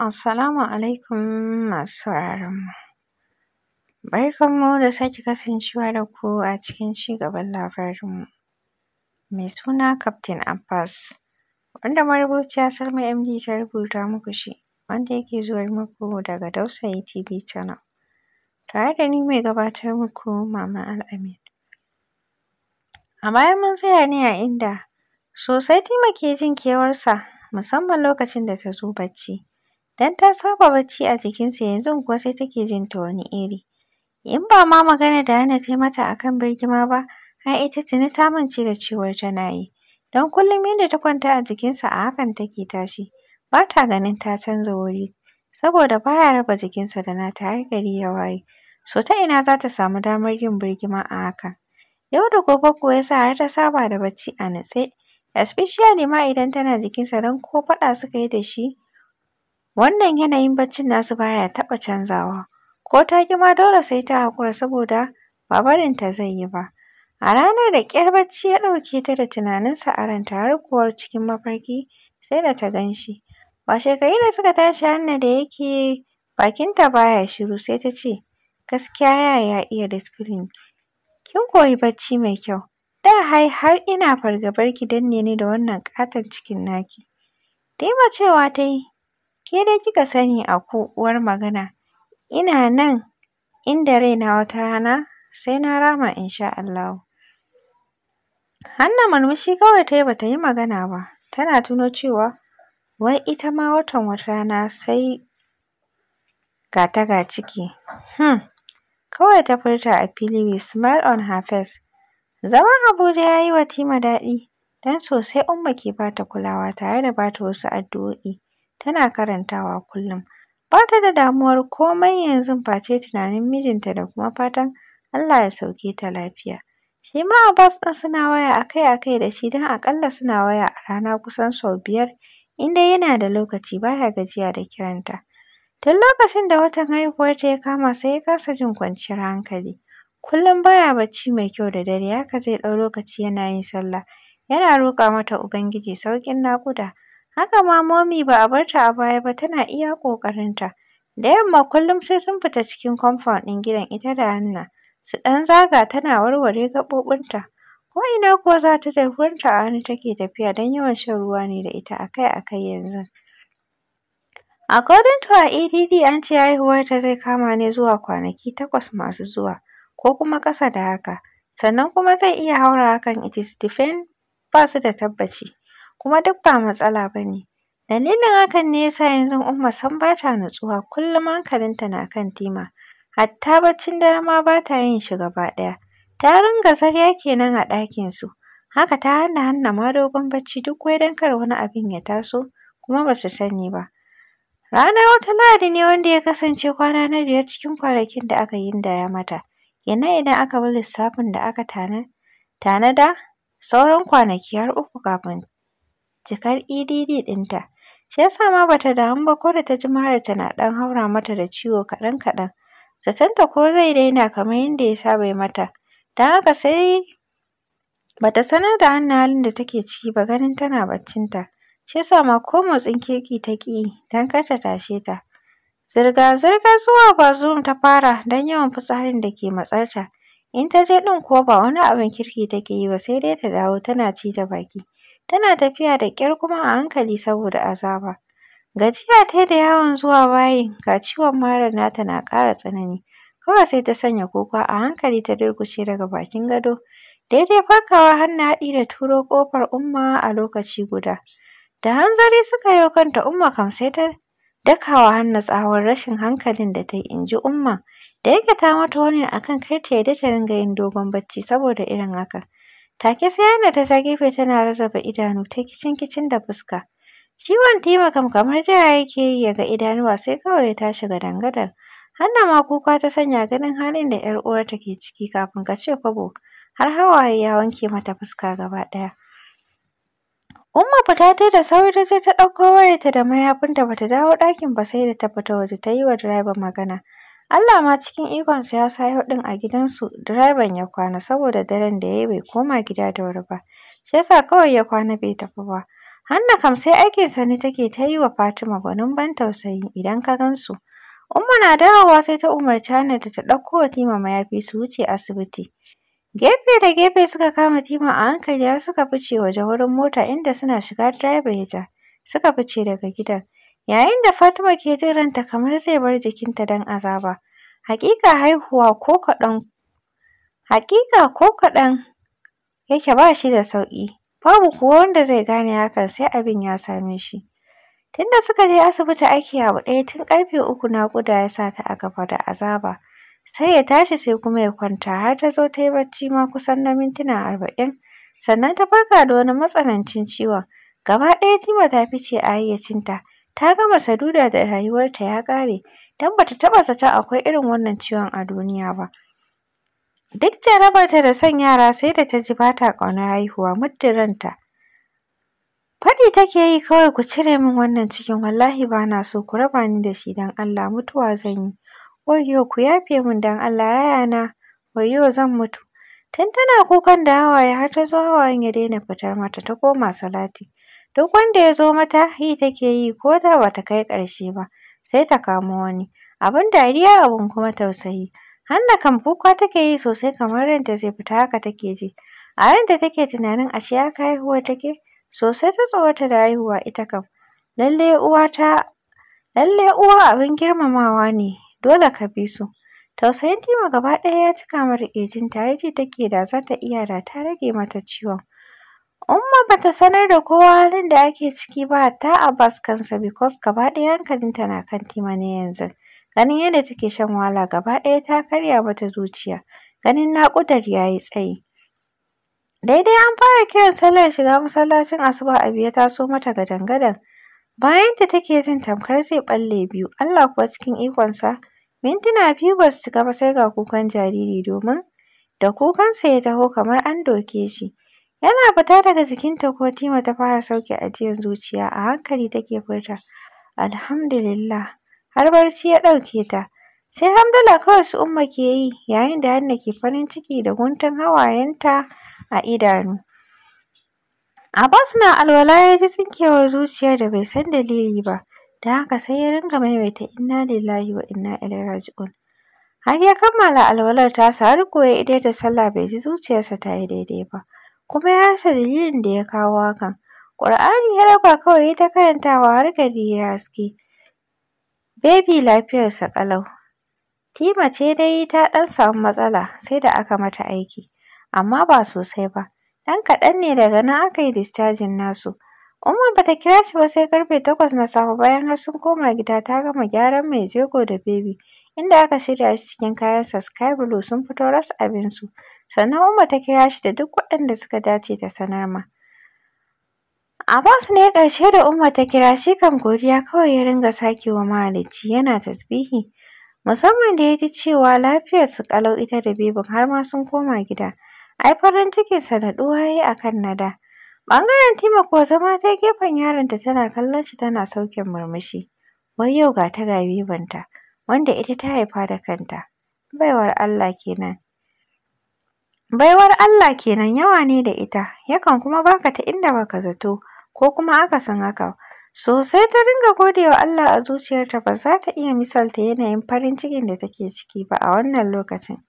Assalamu alaikum masu sauraron mu. Barkan mu da sake kasancewa da ku a cikin cigaban labarin mu. Mai suna Captain Abbas, wanda marubuciya Salma MD ta rubuta muku shi, wanda yake zuwar muku daga Dausayi TV Channel. Tare da ni mai gabatar muku Mama Al-Amin. A baya mun tsaya ne a inda sosai muke jin kewarsa musamman lokacin da ta zo bacci. dan ta saba bacci a jikinsa yanzu kuwa sai take jin ta wani iri. In ba ma magana da yana ta yi mata a kan birgima ba, ai ita tuni ta mance da cewar tana yi, don kullum yadda ta kwanta a jikinsa a hakan take tashi, ba ta ganin ta canza wuri, saboda ba ya raba jikinsa da nata har gari ya waye. So ta ina za ta samu damar yin birgima a haka? Yau da gobe kuwa ya sa har ta saba da bacci a natse, especially ma idan tana jikinsa don ko faɗa suka yi da shi Wannan yanayin baccin nasu baya taɓa canzawa, ko ta ƙi dole sai ta haƙura saboda ba barinta zai yi ba. A ranar da ƙyar bacci ya ɗauke ta da tunaninsa a ranta har kuwa cikin mafarki sai da ta gan shi. Washegari da suka tashi Hanna da yake bakinta baya shiru sai ta ce, gaskiya yaya ya iya discipline, kin koyi bacci mai kyau. Da hai har ina fargabar ki danne ni da wannan ƙaton cikin naki. Dima cewa ta Ke dai kika sani a ku uwar magana, ina nan inda raina wata rana sai na rama in sha Allahu. Hanna murmushi kawai ta yi ba yi magana ba, tana tuno cewa wai ita ma watan wata rana sai ga ta ga ciki. Hmm, kawai ta furta a fili with smile on her face. Zaman Abuja ya yi wa Tima daɗi don sosai Umma ke bata kulawa tare da bata wasu addu'o'i tana karantawa kullum. Ba ta da damuwar komai yanzu face tunanin mijinta da kuma fatan Allah ya sauke ta lafiya. Shi ma Abbas ɗin suna waya akai-akai da shi don aƙalla suna waya a rana kusan sau biyar in dai yana da lokaci ba ya gajiya da kiranta. Tun lokacin da watan haihuwarta ya kama sai ya kasa jin kwanciyar hankali. Kullum baya bacci mai kyau da dare haka zai ɗau lokaci yana yin sallah yana roƙa mata Ubangiji sauƙin naƙuda. Haka ma Momi ba a barta a baya ba tana iya ƙoƙarinta. Da yamma kullum sai sun fita cikin kwamfan ɗin gidan ita da Hanna su ɗan zaga tana warware gaɓoɓinta. ina kuwa za ta tafi ruwanta a hannu take tafiya don yawan shan ruwa ne da ita akai-akai yanzu. According to her add e an ce haihuwarta zai kama ne zuwa kwanaki takwas masu zuwa ko kuma ƙasa da haka. Sannan kuma zai iya haura hakan it is depend ba su da tabbaci. kuma duk ba matsala ba ne. Dalilin hakan ne ya sa yanzu Umma san ba ta nutsuwa. kullum hankalinta na kan Tima, hatta baccin dare ma ba ta yin shi gaba ɗaya. Ta ringa zarya kenan a ɗakinsu, haka ta hana Hanna ma dogon bacci duk wai don kar wani abin ya taso kuma ba su sani ba. Ranar wata Lahadi ne wanda ya kasance kwana na biyar cikin kwanakin da aka gindaya mata. Kenan idan aka bi lissafin da aka tanada, sauran kwanaki har uku kafin jikar EDD ɗinta. Shi ya sa ma ba ta damu ba ko da ta ji Maharata na ɗan haura mata da ciwo kaɗan-kaɗan. Zatonta ko zai daina kamar yadda ya saba yi mata. Don haka sai ba ta sanar da hannun halin da take ciki ba ganin tana baccinta. Shi ya sa ma ko motsin kirki ta ƙi yi don kar ta tashe ta. zirga zirga zuwa Bazum ta fara don yawan fitsarin da ke matsarta. In ta je ɗin kuwa ba wani abin kirki take yi ba sai dai ta dawo tana ci ta baki. Tana tafiya da ƙyar kuma a hankali saboda azaba. Gajiya ta da yawon zuwa bayin ga ciwon marar nata na ƙara tsanani. Kawai sai ta sanya kuka a hankali ta durƙushe daga bakin gado. Daidai farkawa Hanna haɗi da turo ƙofar Umma a lokaci guda. Da hanzari suka yo kanta Umma kam sai ta dakawa Hanna tsawon rashin hankalin da ta yi in ji Umma da yake ta mata wani akan kar ta yarda ta dinga yin dogon bacci saboda irin haka. Take sai yana ta ta gefe tana rarraba idanu ta kicin-kicin da fuska. Ciwon Tima kam kamar jira yake yi ya ga idanuwa sai kawai ya tashi gadangadan. gadan hanna ma kuka ta sanya ganin halin da ‘yar uwarta ke ciki kafin ka ce kwabo. Har hawaye ya wanke mata fuska gaba ɗaya. Umma fita ta da sauri ta je ta ɗauko wayarta da da bata dawo ɗakin ba sai da ta fita waje ta yi wa direba magana. Allah ma cikin ikonsa ya sayo ɗin a gidansu direban ya kwana saboda daren da ya yi bai koma gida da wuri ba. Shi ya sa kawai ya kwana bai tafi ba. Hanna kam sai aikinsa ne take ta yi wa Fatima gwanin ban tausayi idan ka gan su. Umma na dawowa sai ta umarci Hanna da ta ɗauko wa Tima mayafi su wuce asibiti. Gefe da gefe suka kama Tima a hankali har suka fice waje wurin mota inda suna shiga direba ya ja. Suka fice daga gidan. Yayin da Fatima ke jin ranta kamar zai bar jikinta don azaba, haƙiƙa haihuwa ko kaɗan haƙiƙa ko kaɗan yake ba shi da sauƙi, babu kuwa wanda zai gane hakan sai abin ya same shi. Tunda suka je asibiti aiki abu ɗaya tun ƙarfe uku naƙuda ya sa ta a gaba da azaba. Sai ya tashi sai kuma ya kwanta har ta zo ta yi bacci ma kusan na mintuna arba'in. Sannan ta farka da wani matsanancin ciwon. Gaba ɗaya Tima ta fice a hayyacinta. ta gama saduda da rayuwarta ya ƙare don bata taɓa zata akwai irin wannan ciwon a duniya ba. Duk ta da son yara sai da ta ji bata ƙaunar haihuwa muddin ranta. Faɗi take yi kawai ku cire min wannan cikin wallahi bana so ku raba ni da shi don Allah mutuwa zan yi. Wayyo ku yafe min don Allah Yaya yayana wayyo zan mutu. Tun tana kukan da hawaye har ta zo hawayen ya daina fitar mata ta koma salati. Duk wanda ya zo mata yi take yi ko da ba ta kai ƙarshe ba, sai ta kamo wani. Abin dariya abin kuma tausayi. Hanna kam kuka take yi sosai kamar ranta zai fita haka take ji. A ranta take tunanin ashe kai haihuwar take, sosai ta tsorata da haihuwa ita kam. Lalle uwa ta lalle uwa abin girmamawa ne, dole ka bi su. Tausayin Tima gaba ɗaya ya cika mata ƙirjinta ta ji take da za ta iya da ta rage mata ciwon. Umma bata sanar da kowa halin da ake ciki ba a Abbas kansa because gaba ɗaya ta na kan Tima ne yanzu. Ganin yadda take shan wahala gaba ɗaya ta karya mata zuciya. Ganin naƙudar yayi tsayi. Daidai an fara kiran sallar shiga masallacin asuba abu ta so mata gadan-gadan. Bayanta take jin tamkar zai ɓalle biyu, Allah kuwa cikin ikonsa, mintuna biyu ba su cika ba sai ga kukan jariri domin da kukansa ya taho kamar an doke shi. Yana fita daga jikinta ko Tima ta fara sauke ajiyar zuciya a hankali take furta Alhamdulillah har barci ya ɗauke ta. Sai hamdala kawai su Umma ke yi yayin da Hanna ke farin ciki da guntun hawayenta a idanu. Abbas na alwala ya ji tsinkewar zuciyar da bai san dalili ba, da haka sai ya ringa maimaita inna lillahi wa inna ilaihi raji'un. Har ya kammala alwalar tasa har ko ya idar da sallah bai ji zuciyarsa ta yi daidai ba. kuma ya rasa dalilin da ya kawo hakan. Ƙur'ani ya raba kawai ya ta karantawa har gari ya haske. Baby lafiyarsa ƙalau. Tima ce dai ta ɗan samu matsala sai da aka mata aiki, amma ba sosai ba. Ɗan kaɗan ne daga nan aka yi discharging nasu. Umma ba ta kira shi ba sai karfe takwas na safe bayan har sun koma gida ta gama gyaran mai jego da baby, inda aka shirya shi cikin kayan sa sky blue sun fito ras abinsu. sannan Umma ta kira shi da duk waɗanda suka dace ta sanar ma. Abbas ne ƙarshe da Umma ta kira shi kan godiya kawai ya ringa sake wa mahalicci yana tasbihi musamman da ya ji cewa lafiyar su kalau ita da bebin har ma sun koma gida. Ai farin cikin sanaduwa ya yi a kan nada. Bangaren Tima kuwa zama ta gefen yaron ta tana kallon shi tana saukin murmushi. Wai yau ga ta ga bebinta wanda ita ta haifa da kanta. Baiwar Allah kenan. Baiwar Allah kenan yawa ne da ita, yakan kuma baka ta inda baka zato, ko kuma aka san haka. Sosai ta ringa godewa Allah a zuciyarta ba za ta iya misalta yanayin farin cikin da take ciki ba a wannan lokacin.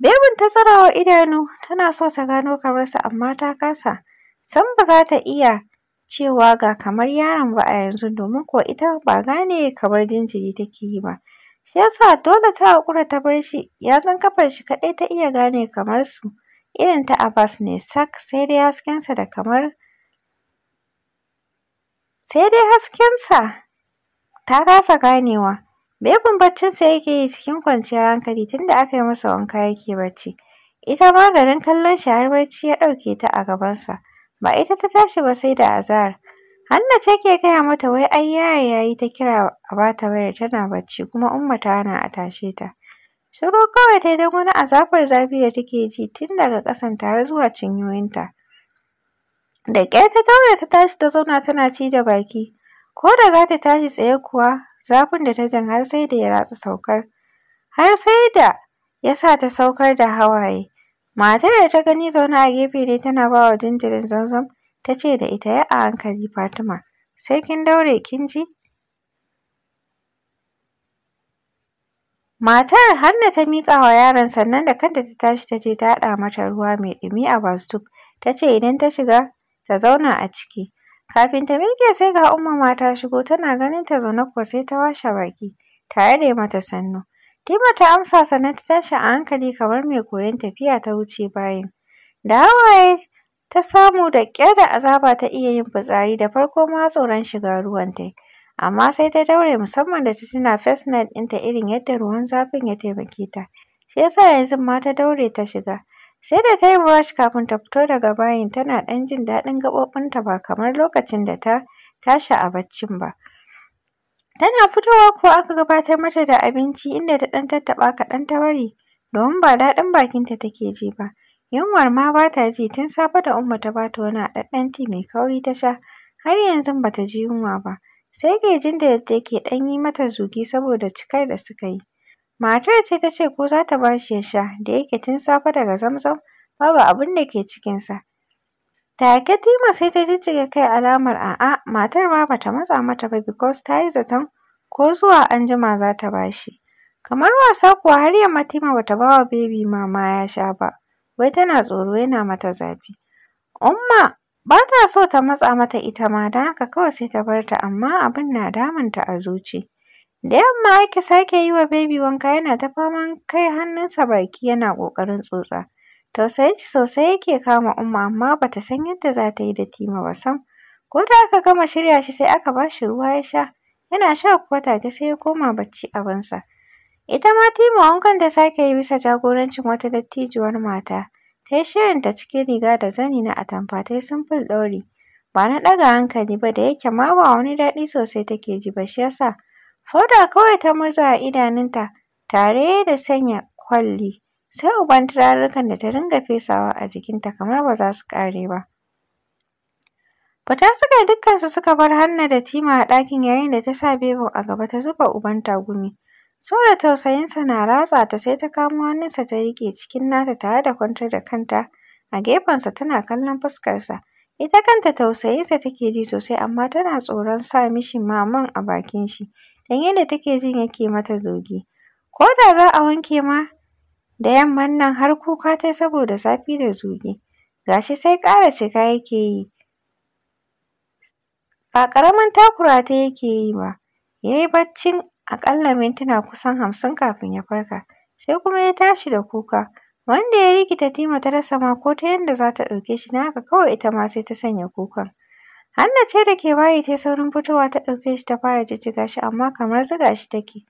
Bebin ta idanu tana so ta gano kamarsa amma ta kasa, san ba za ta iya cewa ga kamar yaron ba a yanzu domin ko ita ba gane kamar jinjiri take yi ba. Shi ya sa dole ta haƙura ta bar shi, yatsun ƙafar shi kaɗai ta iya gane kamar su, irin ta Abbas ne sak, sai dai haskensa da kamar sai dai haskensa ta kasa ganewa. Bebin baccinsa yake yi cikin kwanciyar hankali tunda aka yi masa wanka yake bacci. Ita ma garin kallon shi har barci ya ɗauke ta a gabansa. Ba ita ta tashi ba sai da azar. Hanna take gaya mata wai ai Yaya yayi ta kira a bata ta wayar tana bacci kuma Umma ta hana a tashe ta. Shiru kawai ta yi don wani azafar zafi da take ji tun daga ƙasan har zuwa cinyoyin ta? Da ƙyar ta daure ta tashi ta zauna tana ci da baki. Ko da za ta tashi tsaye kuwa zafin da ta jin har sai da ya ratsa saukar. Har sai da ya sa ta saukar da hawaye. Matar da ta gani zaune a gefe ne tana ba wa jinjirin zamzam ta ce da ita yi a hankali Fatima, sai kin daure kin ji. Matar Hanna ta miƙa wa yaron sannan da kanta ta tashi ta je ta haɗa mata ruwa mai ɗumi a bastub, ta ce idan ta shiga ta zauna a ciki. Kafin ta miƙe sai ga umma ta shigo tana ganin ta zaune ko sai ta washe baki tare da mata sannu. Tima ta amsa sannan ta tashi a hankali kamar mai koyon tafiya ta wuce bayan Da hawaye ta samu da ƙyar da azaba ta iya yin fitsari da farko ma tsoron shiga ruwan ta amma sai ta daure musamman da ta tuna fesnet night ɗinta irin yadda ruwan zafin ya taimake ta shi yasa yanzu ma ta daure ta shiga sai da ta yi brush kafin ta fito daga bayin tana ɗan jin daɗin gaɓoɓinta ba kamar lokacin da ta tashi a baccin ba tana fitowa ko aka gabatar mata da abinci inda ta ɗan tattaɓa kaɗan ta bari domin ba daɗin bakinta take ji ba Yunwar ma ba ta ji tun safe da Umma ta bata ta wani haɗaɗɗen ti mai kauri ta sha, har yanzu ba ta ji yunwa ba, sai gaijin da ke ɗan yi mata zugi saboda cikar da suka yi. Matar ce ta ce ko za ta ba shi ya sha da yake tun safe daga zamzam babu abin da ke cikinsa. Take Tima sai ta jijjiga kai alamar a'a matar ma ba ta matsa mata ba because ta yi zaton ko zuwa anjima za ta ba shi. Kamar wasa kuwa har yamma Tima ba ta ba wa Baby Mama ya sha ba. wai tana tsoro yana mata zafi. Umma ba ta so ta matsa mata ita ma don haka kawai sai ta bar ta amma abin na damunta a zuci. Da yamma ake sake yi wa Baby wanka yana ta faman kai hannunsa baki yana ƙoƙarin tsotsa. Tausayin shi sosai yake kama Umma amma ba ta san yadda za ta yi da Tima ba sam. Ko da aka gama shirya shi sai aka ba shi ruwa ya sha. Yana sha kuwa take sai ya koma bacci abinsa. Ita ma Tima wankan ta sake yi bisa jagorancin wata dattijuwar mata. Ta yi ta cikin riga da zani na atamfa ta yi simful ɗauri. Ba na ɗaga hankali ba da yake ma ba wani daɗi sosai take ji ba shi ya sa. Foda kawai ta murza a idanunta tare da sanya kwalli. Sai uban turarurrukan da ta ringa fesawa a jikinta kamar ba za su ƙare ba. Fita suka yi dukkansu suka bar Hanna da Tima a ɗakin yayin da ta sa bebo a gaba ta zuba uban tagumi. So da tausayinsa na ratsa ta sai ta kamo hannunsa ta riƙe cikin nata tare da kwantar da kanta a gefensa tana kallon fuskarsa. Ita kanta tausayinsa take ji sosai amma tana tsoron sa mishi maman a bakin shi don yadda take jin yake mata zogi. Ko da za a wanke ma da yamman nan har kuka ta saboda zafi da zogi. Ga shi sai ƙara cika yake yi. Ba ƙaramin takura ta yake yi ba. Ya yi baccin aƙalla mintuna kusan hamsin kafin ya farka, sai kuma ya tashi da kuka, wanda ya rikita Tima ta rasa ma ko ta yanda za ta ɗauke shi na haka kawai ita ma sai ta sanya kukan. Hanna ce da ke bayi ta yi saurin fitowa ta ɗauke shi ta fara jijjiga shi amma kamar zuga shi take.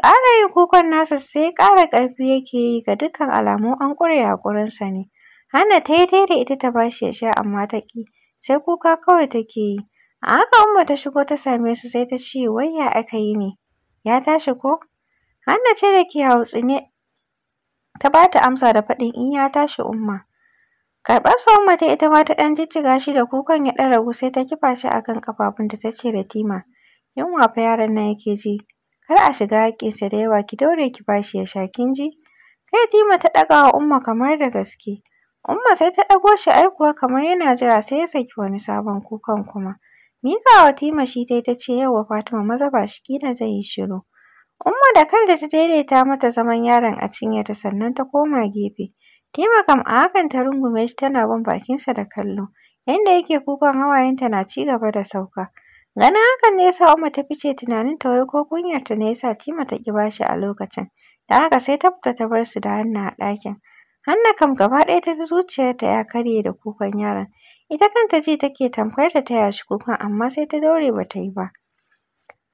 Ƙara yin kukan nasa sai ƙara ƙarfi yake yi ga dukkan alamu an ƙure haƙurinsa ne. Hanna ta yi ta da ita ta ba shi ya sha amma ta ƙi, sai kuka kawai take yi. A haka Umma ta shigo ta same su sai ta ce wai ya aka yi ne? ya tashi ko? Hanna ce da ke hautsine ta ba ta amsa da faɗin in ya tashi umma. Karɓar sa umma ta ita ma ta ɗan jijjiga shi da kukan ya ɗan ragu sai ta kifa shi a kan ta ce da Tima, yunwa fa yaron nan yake ji, kar a shiga haƙƙinsa da yawa ki daure ki ba shi ya sha kin ji. Kai Tima ta ɗaga wa umma kamar da gaske. Umma sai ta ɗago shi ai kamar yana jira sai ya saki wani sabon kukan kuma. wa Tima shi ta yi ta ce wa Fatima maza ba shi kina zai yi shiru. Umma da kanta ta daidaita mata zaman yaron a ta sannan ta koma gefe. Tima kam a hakan ta rungume shi tana bin bakinsa da kallo. Yanda yake kukan hawayenta na ci gaba da sauka. Ganin hakan ne ya sa Umma ta fice tunanin ta wai ko kunyarta ne ya sa Tima ta ƙi ba shi a lokacin. Da haka sai ta fita ta bar su da hannu a ɗakin. Hanna kam gaba ɗaya ta ji zuciyarta ya karye da kukan yaron. Ita kanta ji take tamkar ta taya shi kukan amma sai ta daure ba ta yi ba.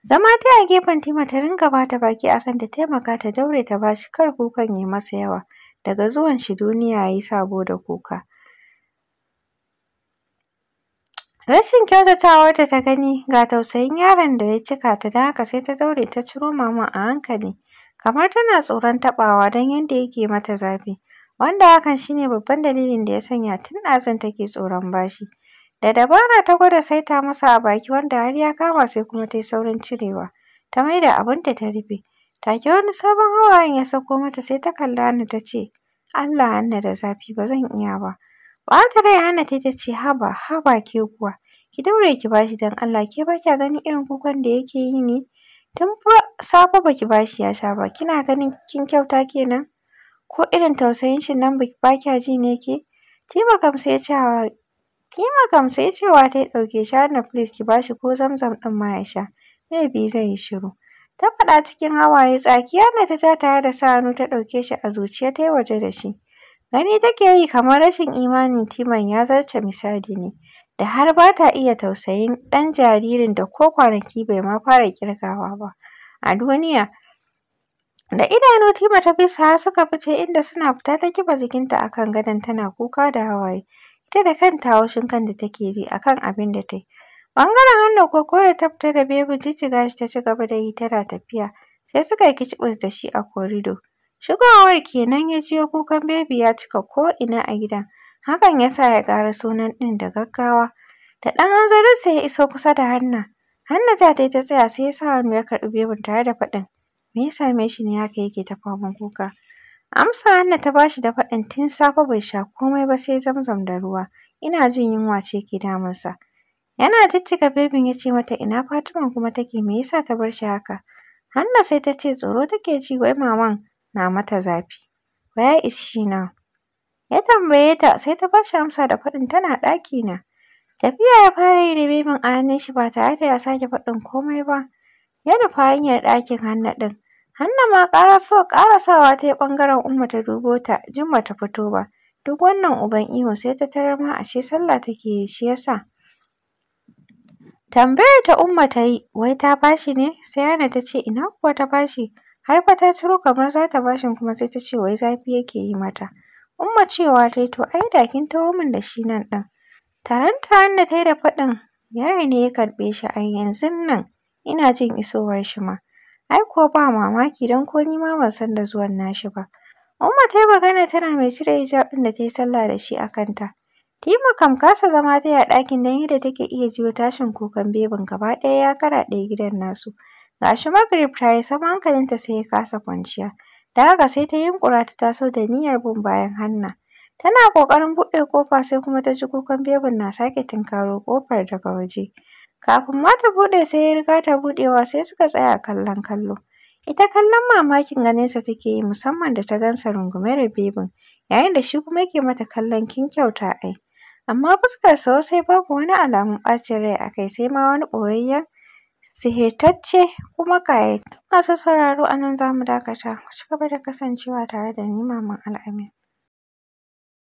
Zama ta a gefen Tima ta ringa ba ta baki akan ta taimaka ta daure ta ba shi kar kukan ya masa yawa. Daga zuwan shi duniya ya yi sabo da kuka. Rashin kyautatawarta ta gani ga tausayin yaron da ya cika ta don haka sai ta daure ta ciro maman a hankali kamar tana tsoron taɓawa don yadda yake mata zafi. wanda hakan shine babban dalilin da ya sanya tun ɗazun take tsoron bashi. Da dabara ta gwada saita masa a baki wanda har ya kama sai kuma ta yi saurin cirewa, ta maida abin da ta rufe. Take wani sabon hawayen ya sauko mata sai ta kalla ni ta ce, Allah hanna da zafi ba zan iya ba. Ɓata rai Hannah ta ta ce haba haba ke kuwa, ki daure ki bashi don Allah ke ba kya ganin irin kukan da yake yi ne? Tun fa safe ba ki bashi ya sha ba, kina ganin kin kyauta kenan? ko irin tausayin shi nan ba kya ji ne ke? Tima kam sai cewa ta yi ɗauke shi har na please ki bashi ko zamzam ɗin ma ya sha. Maybe zai yi shiru. Ta faɗa cikin hawaye tsaki na ta ja tare da sa hannu ta ɗauke shi a zuciya ta yi waje da shi. Gani take yi kamar rashin imanin Timan ya zarce misali ne. Da har ba ta iya tausayin ɗan jaririn da ko kwanaki bai ma fara ƙirgawa ba. A duniya Da idanu Tima ta fisa har suka fice inda suna fita ta kiba jikinta akan gadon tana kuka da hawaye. Ita da kanta haushin kan da take ji a kan abin da ta yi. Ɓangaren hannu ko da ta fita da bebi jijjiga shi ta ci gaba da yi tana tafiya. Sai suka yi kicibis da shi a korido. Shigowar kenan ya jiyo kukan bebi ya cika ko ina a gidan. Hakan ya sa ya ƙara sunan ɗin da gaggawa. Da ɗan hanzarinsa ya iso kusa da Hanna. Hannu ja ta yi ta tsaya sai ya sa hannu ya karɓi bebin tare da faɗin. me ya same shi ne haka yake ta faman kuka? Amsa Hanna ta bashi da faɗin tun safe bai sha komai ba sai zamzam da ruwa, ina jin yunwa ce ke damunsa. Yana jijjiga bebin ya ce mata ina Fatima kuma take me yasa ta bar shi haka? Hanna sai ta ce tsoro take ji wai maman na mata zafi. Where is she now? Ya tambaye ta sai ta bashi amsa da faɗin tana ɗaki na. Tafiya ya fara yi da bebin a hannun shi ba tare da ya sake faɗin komai ba. Ya nufa hanyar ɗakin Hanna ɗin. Hanna ma ƙarasawa ta yi ɓangaren Umma ta dubo ta, jimma ta fito ba. Duk wannan uban ihu sai ta tarar ma ashe sallah take yi shi yasa sa. Tambayar ta Umma ta yi, wai ta bashi ne? Sai yana ta ce ina kuwa ta bashi, har fa ta ciro kamar za ta bashin kuma sai ta ce wai zafi yake yi mata. Umma cewa ta yi to ai da kin taho min da shi nan ɗin. Taranta hanna ta yi da faɗin yaya ne ya karɓe shi a yanzun nan ina jin isowar shi ma. Ai kuwa ba mamaki don ko ni ma ban san da zuwan nashi ba. Umma ta yi magana tana mai cire hijabin da ta yi sallah da shi a kanta. Tima kam kasa zama ta yi a ɗakin don yadda take iya jiyo tashin kukan bebin gaba ɗaya ya karaɗe gidan nasu. Ga shi Magrib ta yi sama hankalinta sai ya kasa kwanciya. Da haka sai ta yunƙura ta taso da niyyar bin bayan Hanna. Tana ƙoƙarin buɗe ƙofa sai kuma ta ji kukan bebin na sake tunkaro ƙofar daga waje. Kafin ma ta buɗe sai ya riga ta buɗewa sai suka tsaya kallon kallo. Ita kallon mamakin ganinsa take yi musamman da ta gansa rungume da bebin, yayin da shi kuma yake mata kallon kin kyauta ai. Amma fuskarsa sai babu wani alamun ɓacin rai a kai sai ma wani ɓoyayyen sihirtacce kuma ƙayat. Masu sauraro a nan za mu dakata. Ku ci gaba da kasancewa tare da ni Maman Al'amin.